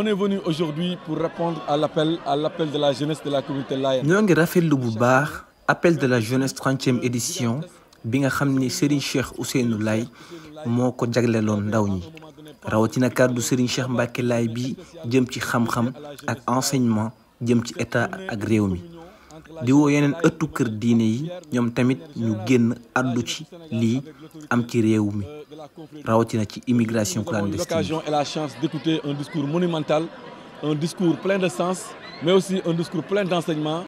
On est venu aujourd'hui pour répondre à l'appel à l'appel de la jeunesse de la communauté ñoo ngi rafetlu bu baax appel de la jeunesse trentième édition bi nga xam ni Serigne Cheikh Ousseynou Laye moo ko jagleloon ndaw ñi rawatina kàddu Serigne Cheikh Mbacke Laye bi jëm ci xam-xam ak enseignement jëm ci état ak réew mi. di woo yeneen ëttu kër diine yi ñoom tamit ñu génn àddu ci lii am ci réew mi rawatina ci immigration clandestine. l'occasion et la chance d'écouter un discours monumental un discours plein de sens mais aussi un discours plein d'enseignement